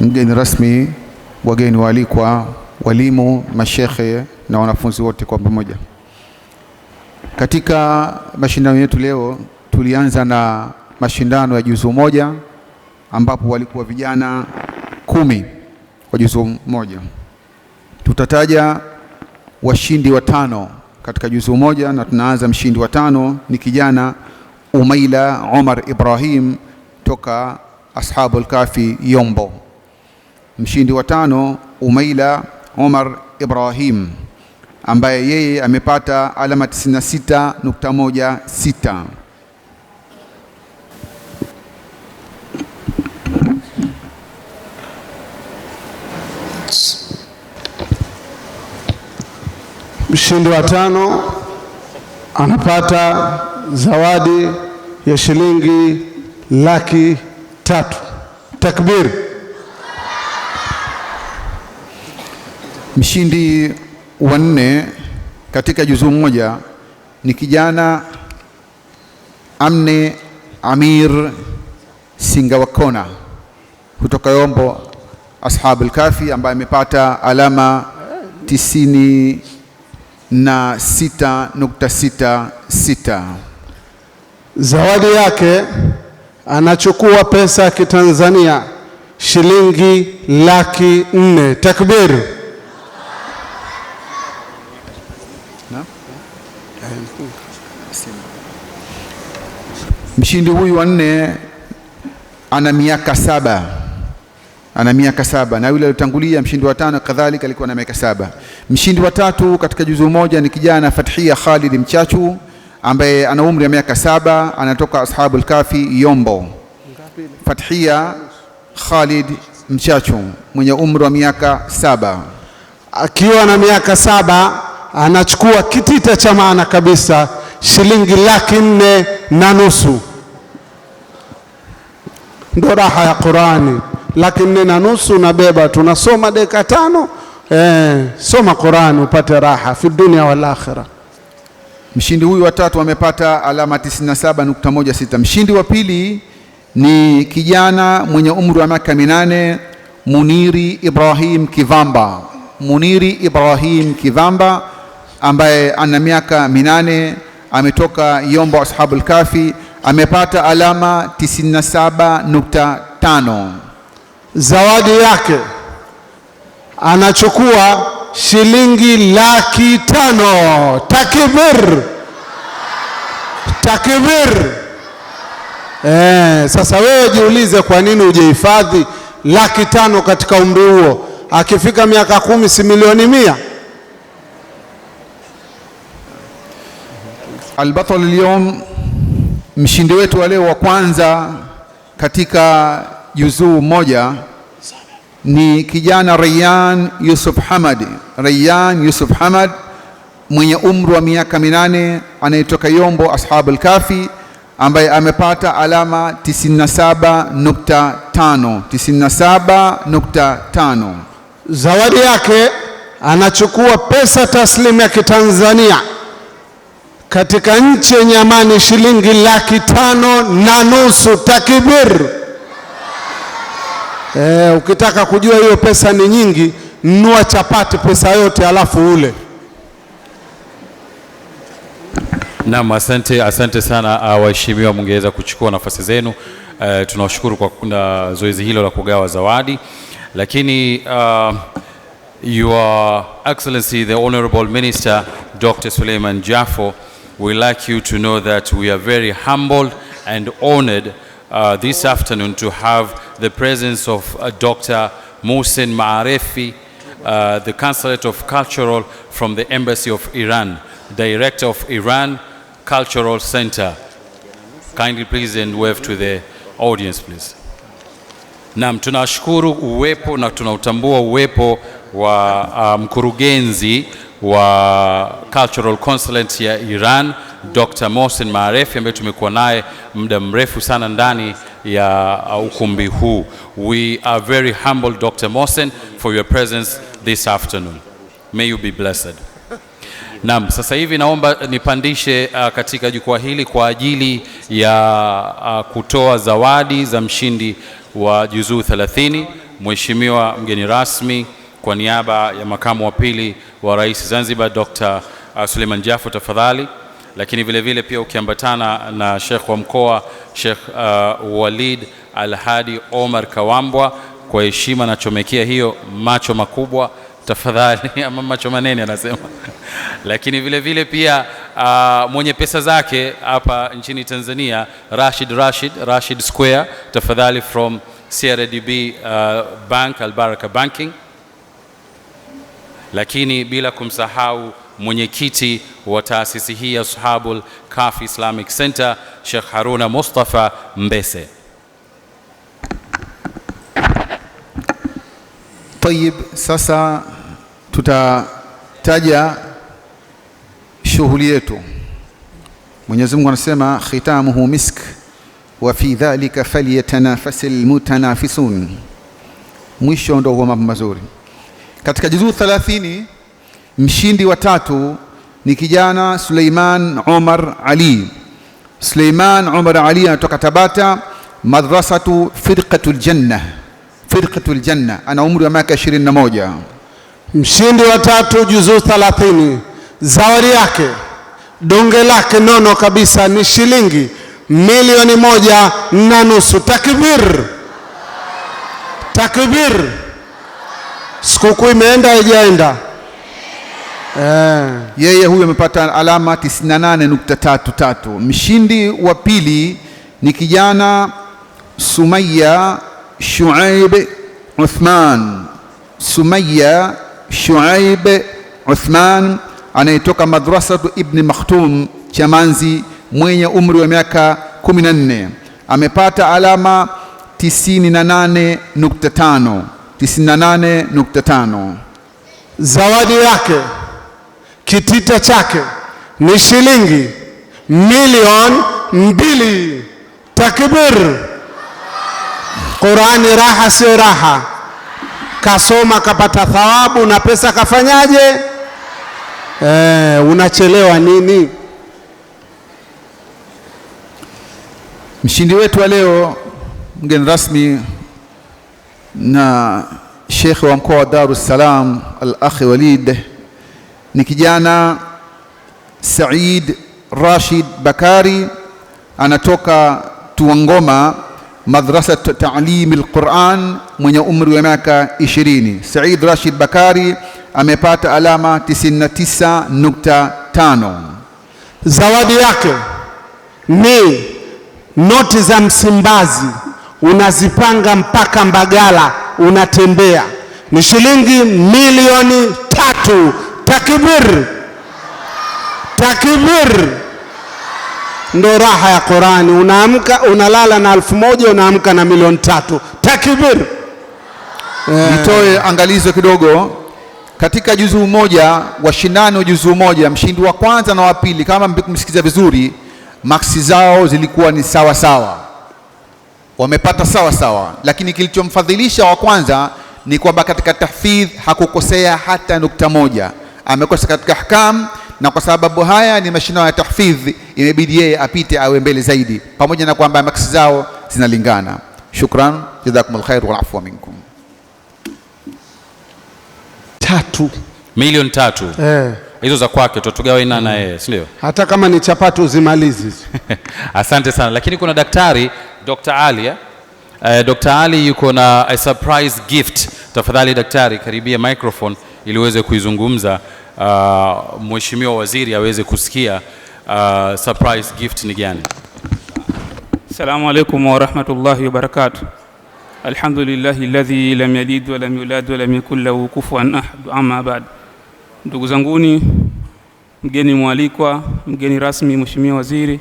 mgeni rasmi, wageni waalikwa, walimu, mashekhe na wanafunzi wote kwa pamoja. Katika mashindano yetu leo, tulianza na mashindano ya juzu moja ambapo walikuwa vijana kumi kwa juzu moja. Tutataja washindi watano katika juzu moja, na tunaanza mshindi wa tano ni kijana Umaila Omar Ibrahim toka Ashabul Kafi Yombo. Mshindi wa tano Umaila Omar Ibrahim ambaye yeye amepata alama 96.16. Mshindi wa tano anapata zawadi ya shilingi laki tatu. Takbiri! Mshindi wa nne katika juzuu moja ni kijana Amne Amir Singawakona kutoka Yombo Ashabul Kafi ambaye amepata alama tisini na sita nukta sita sita. Zawadi yake anachukua pesa ya Kitanzania shilingi laki nne. Takbir! Mshindi huyu wa nne ana miaka saba ana miaka saba na yule aliyotangulia mshindi wa tano kadhalika alikuwa na miaka saba. Mshindi wa tatu katika juzu moja ni kijana Fathia Khalid Mchachu ambaye ana umri wa miaka saba, anatoka Ashabul Kafi Yombo. Fathia Khalid Mchachu mwenye umri wa miaka saba, akiwa na miaka saba anachukua kitita cha maana kabisa, shilingi laki nne na nusu ndo raha ya Qurani. Laki nne na nusu unabeba, tunasoma dakika tano. Eh, soma Qurani upate raha fi dunia wal akhirah. Mshindi huyu wa tatu amepata alama 97.16. Mshindi wa pili ni kijana mwenye umri wa miaka minane Muniri Ibrahim Kivamba. Muniri Ibrahim Kivamba ambaye ana miaka minane ametoka Yombo Ashabul Kafi amepata alama 97.5. Zawadi yake anachukua shilingi laki tano. Takbir, takbir! Eh, sasa wewe jiulize, kwa nini hujahifadhi laki tano katika umri huo? Akifika miaka kumi, si milioni mia? Albatal alyawm Mshindi wetu wa leo wa kwanza katika juzuu moja ni kijana Rayyan Yusuf Hamad, Rayyan Yusuf Hamad mwenye umri wa miaka minane anayetoka Yombo Ashabul Kafi, ambaye amepata alama 97.5 97.5. Zawadi yake anachukua pesa taslimu ya Kitanzania katika nchi yenye amani shilingi laki tano na nusu. Takbir! Eh, ukitaka kujua hiyo pesa ni nyingi, nua chapati pesa yote alafu ule. Naam, asante, asante sana ah, waheshimiwa, mngeweza kuchukua nafasi zenu. Uh, tunawashukuru kwa kuna zoezi hilo la kugawa zawadi, lakini uh, Your Excellency the Honorable Minister Dr. Suleiman Jafo we like you to know that we are very humbled and honored uh, this afternoon to have the presence of uh, Dr. Mohsen Maarefi, uh, the Consulate of Cultural from the Embassy of Iran, Director of Iran Cultural Center. Kindly please and wave to the audience please. Naam, tunashukuru uwepo na tunautambua uwepo wa uh, mkurugenzi wa cultural consulate ya Iran Dr. Mohsen Maarefi ambaye tumekuwa naye muda mrefu sana ndani ya uh, ukumbi huu. We are very humble Dr. Mohsen for your presence this afternoon. May you be blessed. Naam, sasa hivi naomba nipandishe uh, katika jukwaa hili kwa ajili ya uh, kutoa zawadi za mshindi wa juzuu 30 Mheshimiwa mgeni rasmi kwa niaba ya makamu wa pili wa rais Zanzibar Dr. Uh, Suleiman Jafo, tafadhali. Lakini vile vile pia ukiambatana na Sheikh wa mkoa Sheikh uh, Walid Alhadi Omar Kawambwa, kwa heshima nachomekea hiyo macho makubwa tafadhali, ama macho manene anasema lakini vile vile pia uh, mwenye pesa zake hapa nchini Tanzania Rashid Rashid Rashid Square tafadhali, from CRDB uh, Bank Albaraka Banking lakini bila kumsahau mwenyekiti wa taasisi hii ya Ashabul Kahfi Islamic Center Sheikh Haruna Mustafa Mbese. Tayib, sasa tutataja shughuli yetu. Mwenyezi Mungu anasema khitamuhu misk wa fi dhalika falyatanafasil mutanafisun, mwisho ndio huwa mambo mazuri. Katika juzuu 30 mshindi wa tatu ni kijana Suleiman Omar Ali. Suleiman Omar Ali anatoka Tabata, madrasatu firqatul janna, firqatul janna, ana umri wa miaka 21. Mshindi wa tatu juzuu 30, zawadi yake donge lake nono kabisa ni shilingi milioni moja na nusu. Takbir, takbir! Sikukuu imeenda haijaenda? Eh. yeye huyu amepata alama 98.33. Mshindi wa pili ni kijana Sumaya Shuaib Uthman, Sumaya Shuaib Uthman anayetoka Madrasatu Ibni Makhtum Chamanzi, mwenye umri wa miaka 14 amepata alama 98.5. 98.5. Zawadi yake kitita chake ni shilingi milioni mbili. Takbir! Qurani raha, sio raha? Kasoma kapata thawabu na pesa kafanyaje? E, unachelewa nini? Mshindi wetu wa leo, mgeni rasmi na shekhe wa mkoa wa Dar es Salaam al-akhi Walid ni kijana Said Rashid Bakari anatoka Tuangoma madrasa taalimi al-Quran mwenye umri wa miaka 20. Said Rashid Bakari amepata alama 99.5. Zawadi yake ni noti za Msimbazi unazipanga mpaka Mbagala, unatembea. Ni shilingi milioni tatu. Takbir, takbir! Ndo raha ya Qurani. Unaamka unalala na elfu moja unaamka na milioni tatu. Takbir! Eh. Nitoe yeah, angalizo kidogo katika juzuu moja, wa juzuu moja, mshindi wa kwanza na wa pili, kama msikiliza vizuri, maksi zao zilikuwa ni sawa sawa wamepata sawa sawa, lakini kilichomfadhilisha wa kwanza ni kwamba katika tahfidh hakukosea hata nukta moja, amekosa katika ahkam, na kwa sababu haya ni mashindano ya tahfidh, imebidi yeye apite awe mbele zaidi, pamoja na kwamba maksi zao zinalingana. Shukran, jazakumul khair wa afwa minkum. Tatu milioni tatu eh hizo za kwake tutugawana na yeye, si ndio? Hata kama ni chapati uzimalizi. Asante sana, lakini kuna daktari Dr. Ali eh? Uh, eh, Dr. Ali yuko na a surprise gift. Tafadhali daktari, karibia microphone ili uweze kuizungumza, uh, mheshimiwa waziri aweze kusikia uh, surprise gift ni gani. Assalamu alaykum wa rahmatullahi wa barakatuh. Alhamdulillahi alladhi lam yalid wa lam yulad wa lam yakul lahu kufuwan ahad, amma ba'd. Ndugu zanguni, mgeni mwalikwa, mgeni rasmi Mheshimiwa Waziri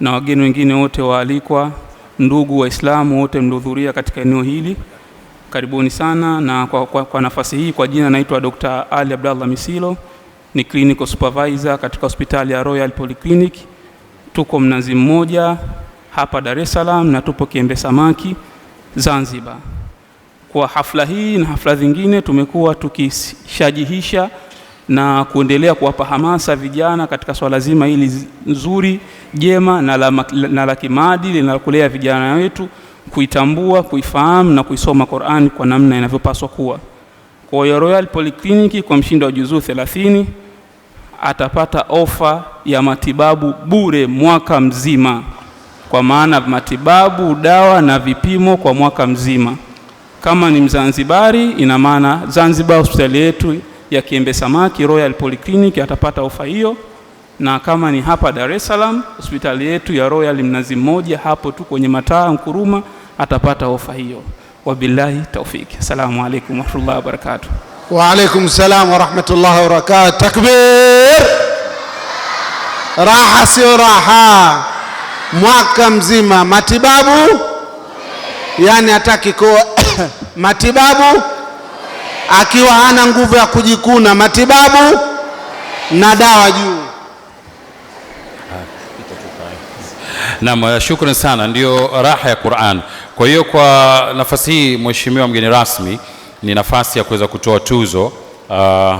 na wageni wengine wote waalikwa, ndugu Waislamu wote mliohudhuria katika eneo hili, karibuni sana. Na kwa, kwa, kwa nafasi hii, kwa jina naitwa Dr. Ali Abdallah Misilo, ni clinical supervisor katika hospitali ya Royal Polyclinic. Tuko Mnazi Mmoja hapa Dar es Salaam na tupo Kiembe Samaki Zanzibar. Kwa hafla hii na hafla zingine tumekuwa tukishajihisha na kuendelea kuwapa hamasa vijana katika swala zima hili nzuri jema na la, na la kimaadili na kulea vijana wetu kuitambua, kuifahamu na kuisoma Qur'an kwa namna inavyopaswa kuwa. Kwa hiyo Royal Polyclinic kwa mshindi wa juzuu 30 atapata ofa ya matibabu bure mwaka mzima, kwa maana matibabu, dawa na vipimo kwa mwaka mzima. Kama ni Mzanzibari, ina maana Zanzibar hospitali yetu ya Kiembe Samaki Royal Polyclinic atapata ofa hiyo, na kama ni hapa Dar es Salaam, hospitali yetu ya Royal Mnazi Mmoja hapo tu kwenye mataa Nkuruma atapata ofa hiyo. Wabillahi taufiki. Assalamu alaykum warahmatullahi wabarakatuh. Wa alaykum salam wa rahmatullahi wa barakatuh. Takbir! Raha sio raha, mwaka mzima matibabu, yani hata kikoa matibabu akiwa hana nguvu ya kujikuna, matibabu na dawa juu. Naam, shukrani sana, ndio raha ya Qur'an. Kwa hiyo kwa nafasi hii, mheshimiwa mgeni rasmi, ni nafasi ya kuweza kutoa tuzo uh,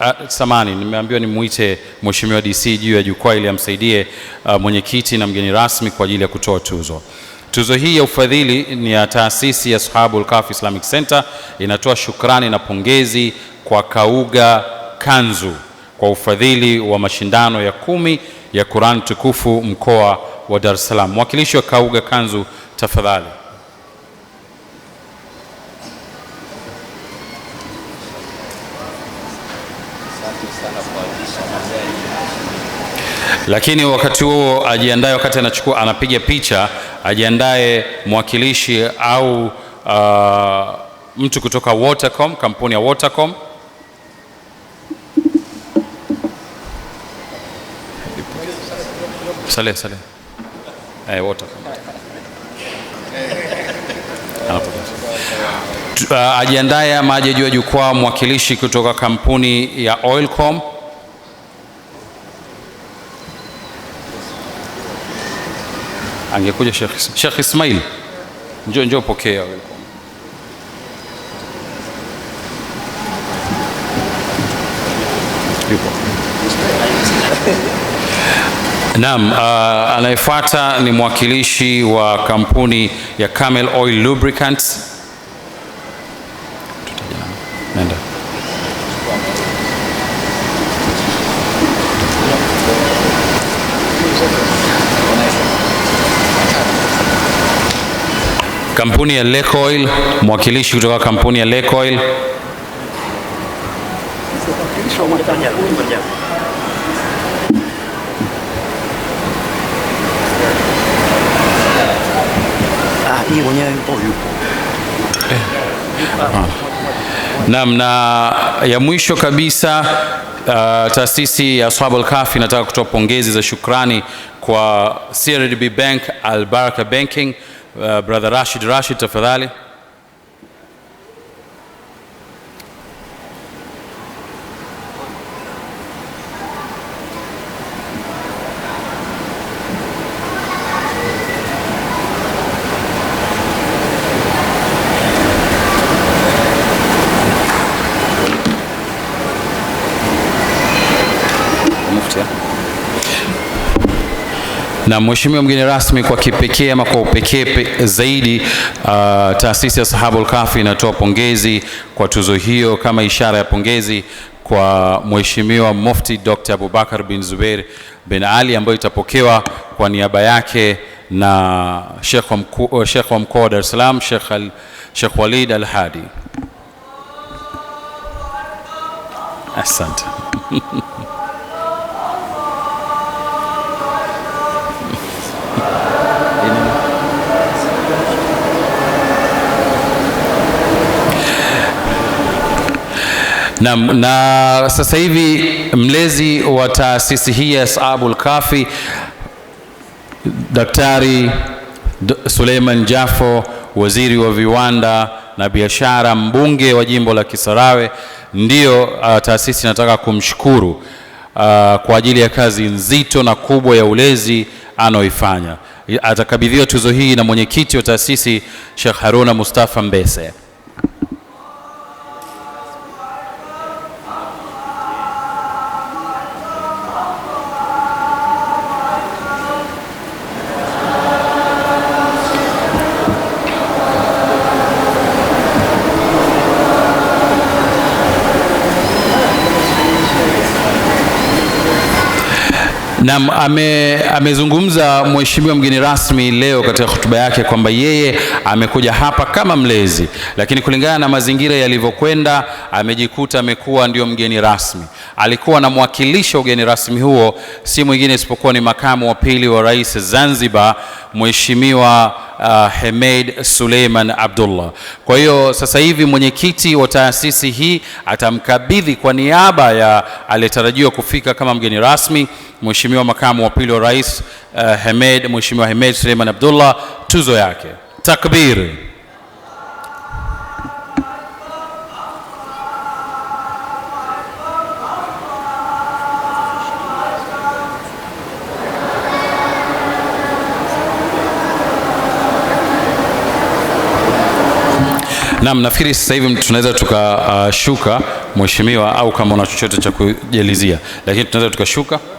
Uh, samani nimeambiwa nimwite mheshimiwa DC juu ya jukwaa ili amsaidie uh, mwenyekiti na mgeni rasmi kwa ajili ya kutoa tuzo. Tuzo hii ya ufadhili ni ya taasisi ya Ashabul Kahf Islamic Center, inatoa shukrani na pongezi kwa Kauga Kanzu kwa ufadhili wa mashindano ya kumi ya Qur'an tukufu mkoa wa Dar es Salaam. Mwakilishi wa Kauga Kanzu, tafadhali. Lakini wakati huo ajiandae, wakati anachukua anapiga picha ajiandae mwakilishi au uh, mtu kutoka Watercom, kampuni ya Watercom. Sale, sale. Eh, Watercom. Uh, ajiandae ama aje juu ya jukwaa mwakilishi kutoka kampuni ya Oilcom. angekuja Sheikh Sheikh Ismail, njoo njoo, pokea Naam, uh, anayefuata ni mwakilishi wa kampuni ya Camel Oil Lubricants kampuni ya Lake Oil, mwakilishi kutoka kampuni ya Lake Oil. Naam, na ya mwisho kabisa uh, taasisi ya Ashabul Kahfi nataka kutoa pongezi za shukrani kwa CRDB Bank Albaraka Banking Uh, brother Rashid Rashid tafadhali Na mheshimiwa mgeni rasmi, kwa kipekee ama kwa upekee zaidi, uh, taasisi ya Sahabul Kahfi inatoa pongezi kwa tuzo hiyo kama ishara ya pongezi kwa mheshimiwa Mufti Dr. Abubakar bin Zubair bin Ali ambayo itapokewa kwa niaba yake na Sheikh wa mkuu uh, Sheikh wa mkoa wa Dar es Salaam Sheikh al, Sheikh Walid Al Hadi. Asante. na, na sasa hivi mlezi wa taasisi hii ya Ashabul Kahfi Daktari Suleiman Jafo, waziri wa viwanda na biashara, mbunge wa jimbo la Kisarawe, ndiyo uh, taasisi nataka kumshukuru uh, kwa ajili ya kazi nzito na kubwa ya ulezi anaoifanya. Atakabidhiwa tuzo hii na mwenyekiti wa taasisi Sheikh Haruna Mustafa Mbese. Naam, amezungumza mheshimiwa mgeni rasmi leo katika hotuba yake kwamba yeye amekuja hapa kama mlezi, lakini kulingana na mazingira yalivyokwenda amejikuta amekuwa ndio mgeni rasmi. Alikuwa na anamwakilisha ugeni rasmi huo si mwingine isipokuwa ni makamu wa pili wa rais Zanzibar Mheshimiwa uh, Hemed Suleiman Abdullah. Kwa hiyo sasa hivi mwenyekiti wa taasisi hii atamkabidhi kwa niaba ya aliyetarajiwa kufika kama mgeni rasmi Mheshimiwa makamu wa pili wa rais uh, Hemed Mheshimiwa Hemed Suleiman Abdullah tuzo yake. takbiri Naam, nafikiri sasa hivi tunaweza tukashuka uh, mheshimiwa, au kama una chochote cha kujelizia, lakini tunaweza tukashuka.